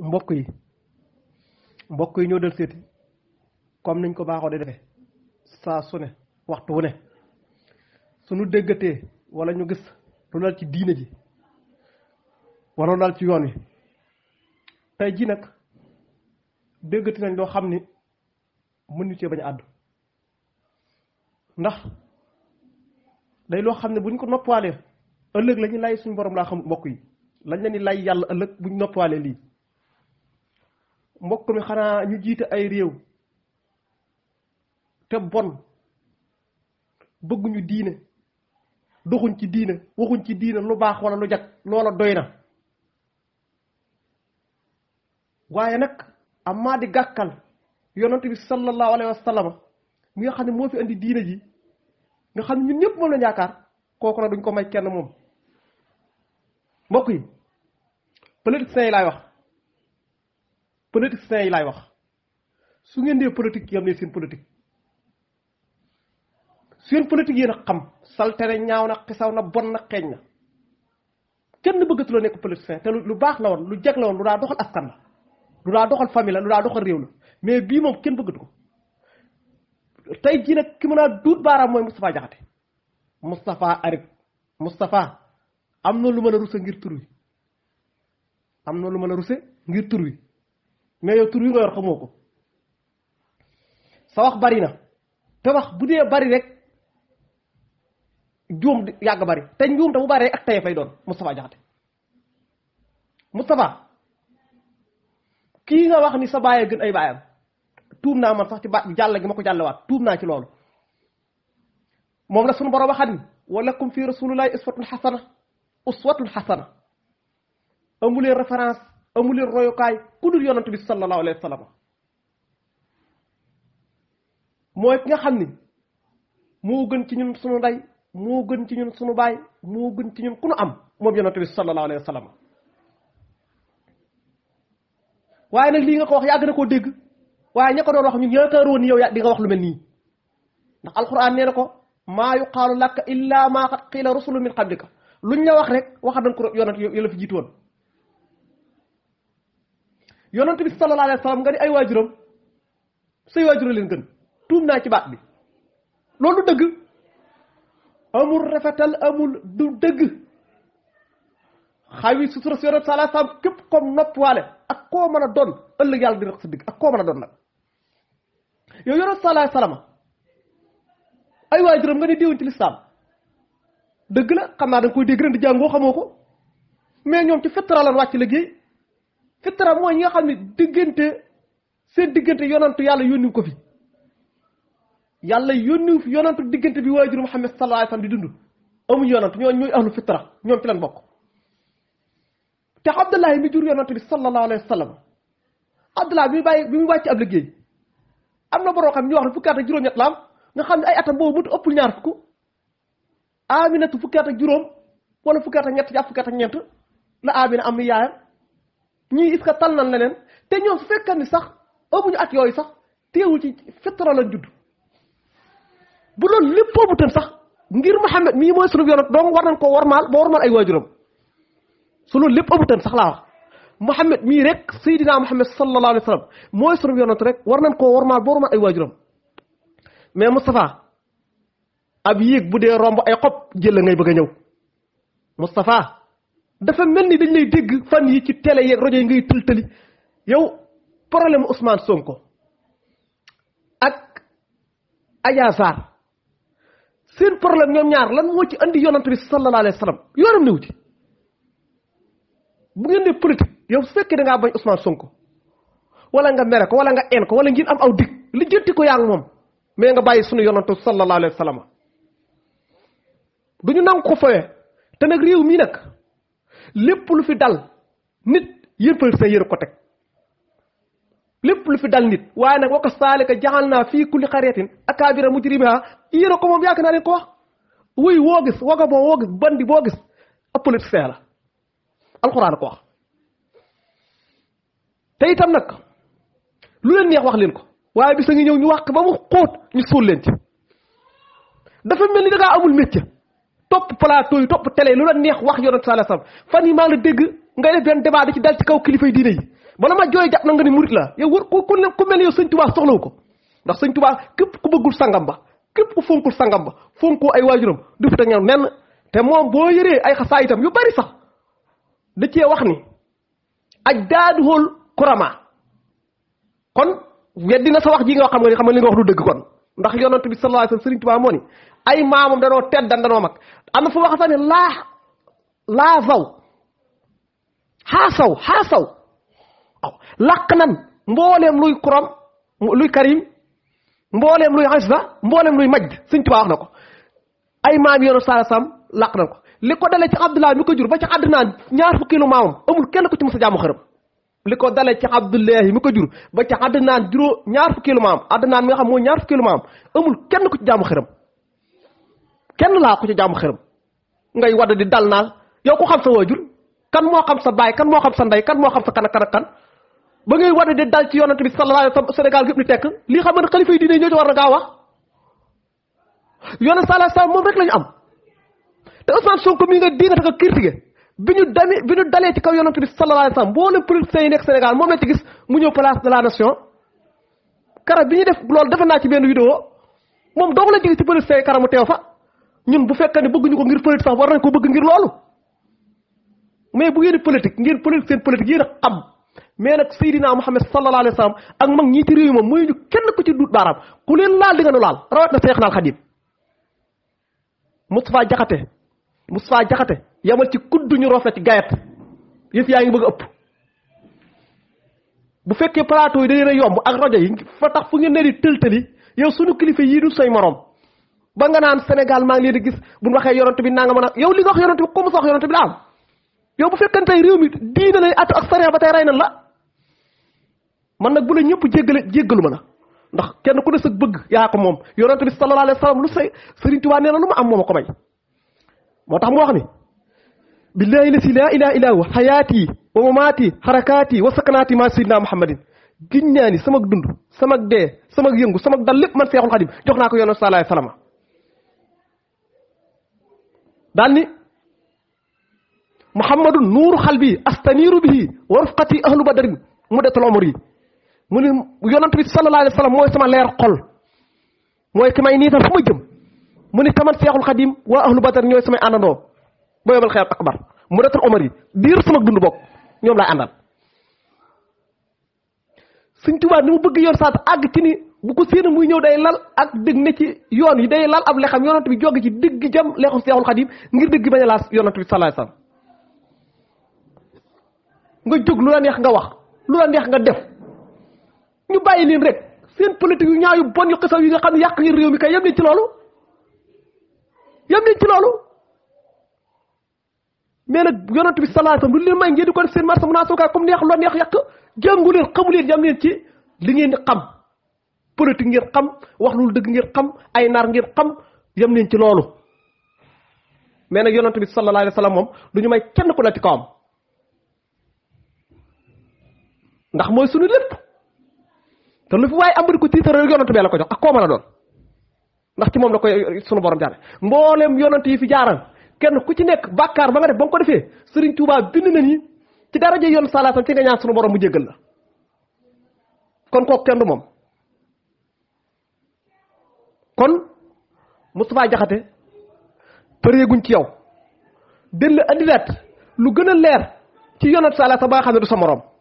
mbokk yi mbokk yi ñoo del seeti comme niñ ko baaxoo de defee saa su waxtu wu ne suñu déggatee wala ñu gis lu dal ci diine ji wala lu dal ci yoon wi tey ji nag déggati nañ loo xam ni mën ñu cee bañ àddu ndax day loo xam ne buñ ko noppalee ëllëg la ñu lay suñu borom laa xamul mbokk yi lañ la ni lay yàlla ëllëg bu ñu noppalee lii mbokk mi xanaa ñu jiite ay réew te bon bëgguñu diine doxuñ ci diine waxuñ ci diine lu baax wala lu jag loola doy na waaye nag amaa di gàkkal yonent bi sallallahu alayhi wa sallam mi nga xam ne moo fi indi diine ji nga xam ne ñun ñëpp moom la yaakaar kooku na duñ ko may kenn moom mbokk yi politiciens yi laay wax politiciens yi laay wax su ngeen dee politique yam leen seen politique seen politique yéen a xam saltere ñaaw na xisaw na bon na xeeñ na kenn bëggatuloo nekk politicien te lu baax la woon lu jag la woon lu daa doxal askan la lu daa doxal famille la lu daa doxal réew la mais bii moom kenn bëggatu ko tey jii nag ki mën a duut baaraam mooy Moustapha Diakhaté Moustapha Arit Moustapha am na lu mën a ruse ngir tur wi am na lu mën a ruse ngir tur wi mais yow tur wi nga yor xamoo ko sa wax bari na te wax bu dee bari rek juum yàgg bari te njuum te bu bari ak tey fay doon Moustapha Diakhaté Moustapha kii nga wax ni sa baay gën ay baayam tuub naa man sax ci ba jàll gi ma ko jàllewaat tuub naa ci loolu moom la sunu borom waxaat ni wa lakum fi rasulillahi uswatun xasana uswatun xasana amuleen référence amuleen royukaay ku dul yonent bi sallallahu alayhi wa mooy ki nga xam ni moo gën ci ñun sunu ndey mu gën ci ñun sunu baay mu gën ci ñun ku nu am moom yonent bi sallallahu alayhi wa waaye nag lii nga ko wax yàgg na koo dégg waaye ña ko doon wax ñun yaakaaroon ni yow di nga wax lu mel nii ndax alquran nee na ko maa yuqaalu laka illa maa qad qiila rusulu min lu ñu la wax rek waxa dañ ko yonent yow la fi jiitu yonent bi sallallahu alayhi nga ni ay waajuram say waajura leen gën tuum naa ci baat bi loolu dëgg amul rafetal amul du dëgg xawi sutura si yonent sallallahu alayhi wa sallam képp ak koo mën a doon ëllëg yàlla di rax sa digg a doon nag yow yonent sallallahu alayhi wa sallam ay waajuram nga ni déewuñ ci lislaam dëgg la xam naa da nga koy dégg ren di jàngoo xamoo ko mais ñoom ci fettara lan wàcc liggéey fitra mooy ñi nga xam ne diggante seen diggante yonantu yàlla yónni ko fi yàlla yónni fi yonantu diggante bi waajur Muhammad sallallahu alayhi wa sallam di dund amuñ yonantu ñoo ñooy ahlu fitra bokk te Abdullahi mi jur yonantu bi sallallahu alayhi wa sallam Abdullahi bi mu bi mu wàcc ab am na boroo xam ñu wax ne fukki at juróom-ñett la nga xam ne ay atam boobu mënut ëppul ñaar fukk Aminatu fukki at juróom wala fukki at ñett jàpp fukki at ak la Amina am yaayam ñii est-ce que tal nan leneen te ñoom fekkan ni sax amuñu at yooyu sax teewul ci fitra la judd bu loolu lépp boobu tam sax ngir Muhammad mii mooy sunu yonent donc war nañ koo warmaal ba warmaal ay waajuram su loolu lépp amutan sax laa wax Muhammad mii rek Seydina Muhammad sallallahu alayhi wa sallam mooy sunu yonent rek war nañ koo warmaal ba warmaal ay waajuram mais Moustapha ab yéeg bu dee romb ay xob jël la ngay bëgg a ñëw dafa mel ni dañ lay dégg fan yi ci télé yeeg rajo yi ngay tëltëli yow problème Ousmane Sonko ak Adja Sarr seen problème ñoom ñaar lan moo ci andi yonant bi sallallahu alayhi wa sallam yoonam newu ci bu ngeen dee politique yow su fekkee da ngaa bañ Ousmane Sonko wala nga mere ko wala nga een ko wala ngeen am aw dig li jëtti ko yaa ngi moom mais nga bàyyi sunu yonantu sallallahu alayhi wa sallam du ñu nangu ko fawee te nag réew mii nag lépp lu fi dal nit yërpal sa yër ko teg lépp lu fi dal nit waaye nag wa kasaalika jaxal naa fii kulli xariyatin akaabira mujrimiha yër ko moom yaakaar naa ko wax wuy woo gis waga boo bandi boo gis ab politicien alxuraan ko wax te itam nag lu leen neex wax leen ko waaye bis a ngi ñëw ñu wax ba mu xóot ñu suul leen ci dafa mel ni da ngaa amul métier topp plateau yi topp télé lu la neex wax yonent sallallahu alayhi fan yi maa ngi la dégg nga def benn débat da ci dal ci kaw kilifa yi diine yi bala ma jooy jàpp na nga ni murit la yow war ku ku mel ne yow sëñ Tuubaa soxlawu ko ndax sëñ Tuubaa képp ku bëggul sangam ba képp ku fonkul sangam ba fonkoo ay waajuram du fi te ñoom nenn te moom boo yëree ay xasaa itam yu bari sax da cee wax ni aj daadu xool kurama kon weddi na sa wax ji nga xam nga ni xam nga li nga wax du dëgg kon ndax yonent bi sallallahu alayhi wasallam Sëriñ Tuubaa moo ay maamam danoo tedd dan danoo mag am na fu wax sax ne laa laa zaw xaa saw xaa saw aw làq nan mbooleem luy kuram luy karim mbooleem luy xasba mboolem luy majd Sëriñ Tuubaa wax na ko ay maam yonent sallallahu alayhi wasallam làq nan ko li ko dalee ci Abdullah mi ko jur ba ci àddina ñaar fukki lu maamam amul kenn ku ci mës a li ko dalee ci Abdullahi mi ko jur ba ci Adnaan juróo ñaar fukki lu ma am Adnaan mi nga xam mooy ñaar fukki lu ma am amul kenn ku ci jaamu xërëm kenn laa ku ci jaamu xërëm ngay wadd di dal naa yow ko xam sa waajur kan moo xam sa baay kan moo xam sa ndey kan moo xam sa kan ak kan ak kan ba ngay wadd di dal ci yonent bi sallallahu alayhi wa sallam Sénégal gépp ni tekk lii xam ne xalifa yi diine ñoo ci war na gaa wax yonent sallallahu alayhi rek lañu am te Ousmane Sonko mii nga diine bi ñu demee bi ñu dalee ci kaw yonent bi sallallahu alayhi wa sallam mboolem politiciens yi nekk Sénégal moom la ci gis mu ñëw place de la nation kara bi ñuy def loolu defe naa ci benn vidéo moom doog la ci gis ci politiciens yi kara mu teew fa ñun bu fekkee ne bëgguñu ko ngir politique sax war nañ ko bëgg ngir loolu mais bu ngeen di politique ngeen politique seen politique yéen a xam mais nag Seydina Muhammad sallallahu alayhi wa sallam ak mag ñii ci réew moom muy ñu kenn ku ci duut baaraam leen laal di nga nu laal rawat Jaxate mu Moussa Jaxate yamal ci kudd ñu roof ci gayet yëf yaa ngi bëgg a ëpp bu fekkee plateau yi dañu a yomb ak rajo yi fa tax fu ngeen ne tëltëli yow sunu kilifa yii du say morom ba nga naan senegal maa ngi leen di gis bu ñu waxee yonent bi nanga mën a yow li nga wax yonent bi comme sa wax yonent bi la am yow bu fekkee tey réew mi diina lay attu ak sariya ba tey rey na la man nag bu la ñëpp jéggale jéggalu ma la ndax kenn ku ne sa bëgg yaa ko moom yonent bi sallallahu alayhi wa lu say Sëriñ Tuubaa nee na lu am moo ma moo tax mu wax ni billahi la si laa ilaa ilaa hu xayaati wa mamaati xarakaati wa sakanaati maa sidna muhammadin giñ naa ni samag dund samag dee samag yëngu samag dal lépp man seexul xadim jox naa ko yoonu salaay salama daal ni muhammadun nuuru xalbi astaniiru bihi wa rufqati ahlu badarin mu detal omar yi mu ni bi sallallahu alayhi mooy sama leer xol mooy ki may niital fu ma jëm mu ni taman seexul xadim waa ahlu badar ñooy samay àndandoo ba yobal xeer akbar mu retal omar yi diir sama dund bokk ñoom laay àndal suñ tubaab ni mu bëgg yoon saat àgg ci ni bu ko séena muy ñëw day lal ak dëgg ne ci yoon yi day lal ab lexam yonant bi jóge ci dëgg jam leexum seexul xadim ngir dëgg bañ a laas yonant bi salaay salaam nga jóg lu la neex nga wax lu la neex nga def ñu bàyyi leen rek seen politique yu ñaaw yu bon yu xesaw yi nga xam ne yàq ngeen réew mi kay yem ne ci loolu yam leen ci loolu mais nag yonent bi sallallahu alayhi lu leen may ngeen kon ko def seen a munasuka comme neex loo neex yàq jàngu leen xamu leen yam leen ci li ngeen di xam politique ngir xam wax lu dëgg ngir xam ay naar ngir xam yam leen ci loolu mais nag yonent bi sallallahu alayhi moom du ñu may kenn ku la ci kawam ndax mooy sunu lépp te lu fi waaye am ko tiitaroo yonent bee la ko jox ak koo mën a doon ndax ci moom la koy sunu borom jaare mboolem yonent yi fi jaaral kenn ku ci nekk bàkkaar ba nga def ba nga ko defee Serigne Touba bind na ni ci daraja yoon salaatam ci nga ñaan sunu borom mu jéggal la kon kooku kenn du moom kon Moustapha Diakhaté përeeguñ ci yow dell andilaat lu gën a leer ci yonent salaatam ba nga xam du sa moroom